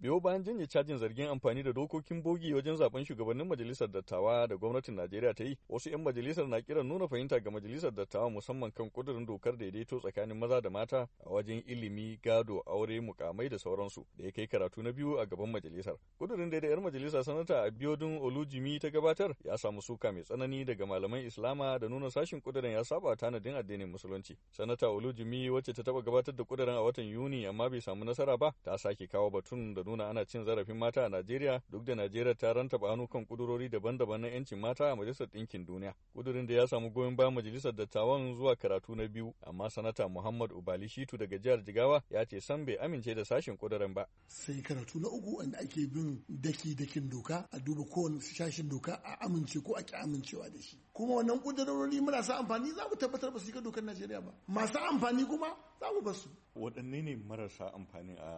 biyo bayan janye cajin zargin amfani da dokokin bogi wajen zaben shugabannin majalisar dattawa da gwamnatin Najeriya ta yi wasu 'yan majalisar na kiran nuna fahimta ga majalisar dattawa musamman kan kudurin dokar daidaito tsakanin maza da mata a wajen ilimi gado aure mukamai da sauransu da ya kai karatu na biyu a gaban majalisar kudurin da 'yar majalisar sanata Abiodun Olujimi ta gabatar ya samu suka mai tsanani daga malaman Islama da nuna sashin kudurin ya saba tanadin addinin musulunci sanata Olujimi wacce ta taba gabatar da kudurin a watan Yuni amma bai samu nasara ba ta sake kawo batun da nuna ana cin zarafin mata a Najeriya duk da Najeriya ta rantaba hannu kan kudurori daban-daban na 'yancin mata a Majalisar Ɗinkin Duniya. Kudurin da ya samu goyon bayan Majalisar Dattawan zuwa karatu na biyu, amma Sanata Muhammad Ubali Shitu daga jihar Jigawa ya ce san bai amince da sashen kudurin ba. Sai karatu na uku wanda ake bin daki-dakin doka a duba kowane sashen doka a amince ko a amincewa da shi. kuma wannan kudarori sa amfani za ku tabbatar ba su ga dokar najeriya ba masu amfani kuma za ku basu waɗanne ne marasa amfani a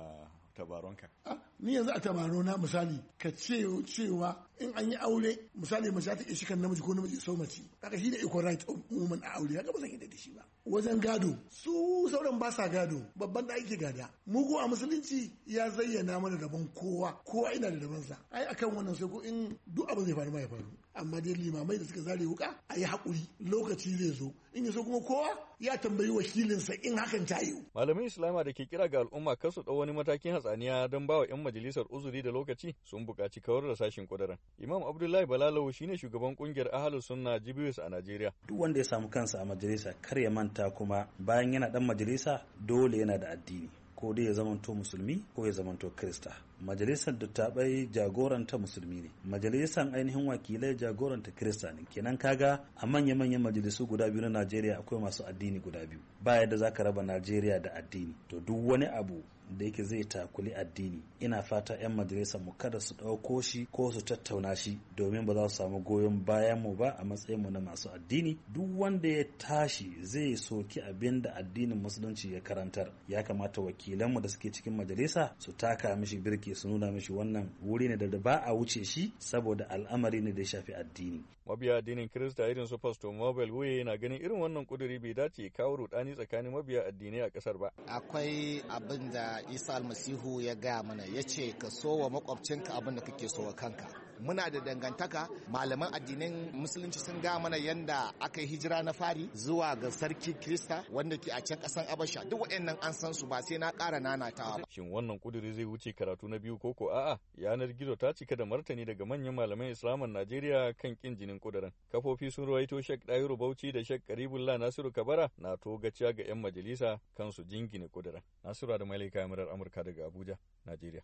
tabaronka ah, ni yanzu a tabarona misali ka ce cewa in an yi aure misali mace ta iya shikan namiji ko namiji so mace kaga shi ne equal right of woman a aure kaga ba zan yadda da shi ba wajen gado su sauran ba sa gado babban da ake gada mu ko a musulunci ya zayyana mana daban kowa kowa ina da daban sa ai akan wannan sai ko in duk abin zai faru ma ya faru amma dai limamai da suka zare wuka a yi haƙuri lokaci zai zo in yaso kuma kowa ya tambayi wakilinsa in hakan ta yiwu. malamin islama da ke kira ga al'umma kan su ɗau wani matakin hatsaniya don bawa 'yan majalisar uzuri da lokaci sun buƙaci kawar da sashin kudaran imam abdullahi balalawo shine shugaban ƙungiyar ahalu sunna jibiyus a najeriya duk wanda ya samu kansa a majalisa kar ya manta kuma bayan yana ɗan majalisa dole yana da addini ko dai ya zamanto musulmi ko ya zamanto krista majalisar dattabai jagoranta musulmi ne majalisar ainihin wakilai jagoranta krista ne kenan kaga a manya manyan majalisu guda biyu na najeriya akwai masu addini guda biyu ba yadda zaka raba najeriya da addini to duk wani abu da yake zai takuli addini ina fata 'yan majalisa mu kada su ɗauko shi ko su tattauna shi domin ba za su samu goyon bayan mu ba a matsayin mu na masu addini duk wanda ya tashi zai soki abin da addinin musulunci ya karantar ya kamata wakilanmu da suke cikin majalisa su taka mishi birki su nuna mishi wannan wuri ne da ba a wuce shi saboda al'amari ne da ya shafi addini mabiya addinin kirista irin su pastor mobile wuye na ganin irin wannan kuduri bai dace kawo rudani tsakanin mabiya addinai a kasar ba akwai abin da isa almasihu ya gaya mana ya ce ka so wa makwabcinka abin da kake so wa kanka muna da dangantaka malaman addinin musulunci sun ga mana yanda aka yi hijira na fari zuwa ga sarki krista wanda ke a can kasan abasha duk waɗannan an san su ba sai na ƙara nanatawa ba shin wannan kuduri zai wuce karatu na biyu koko a'a yanar gizo ta cika da martani daga manyan malaman islaman najeriya kan kin jinin kudirin kafofi sun ruwaito shek dayiro bauchi da shek karibullah nasiru kabara na togaciya ga yan majalisa kan su jingine kudirin nasiru da malaika murar amurka daga abuja najeriya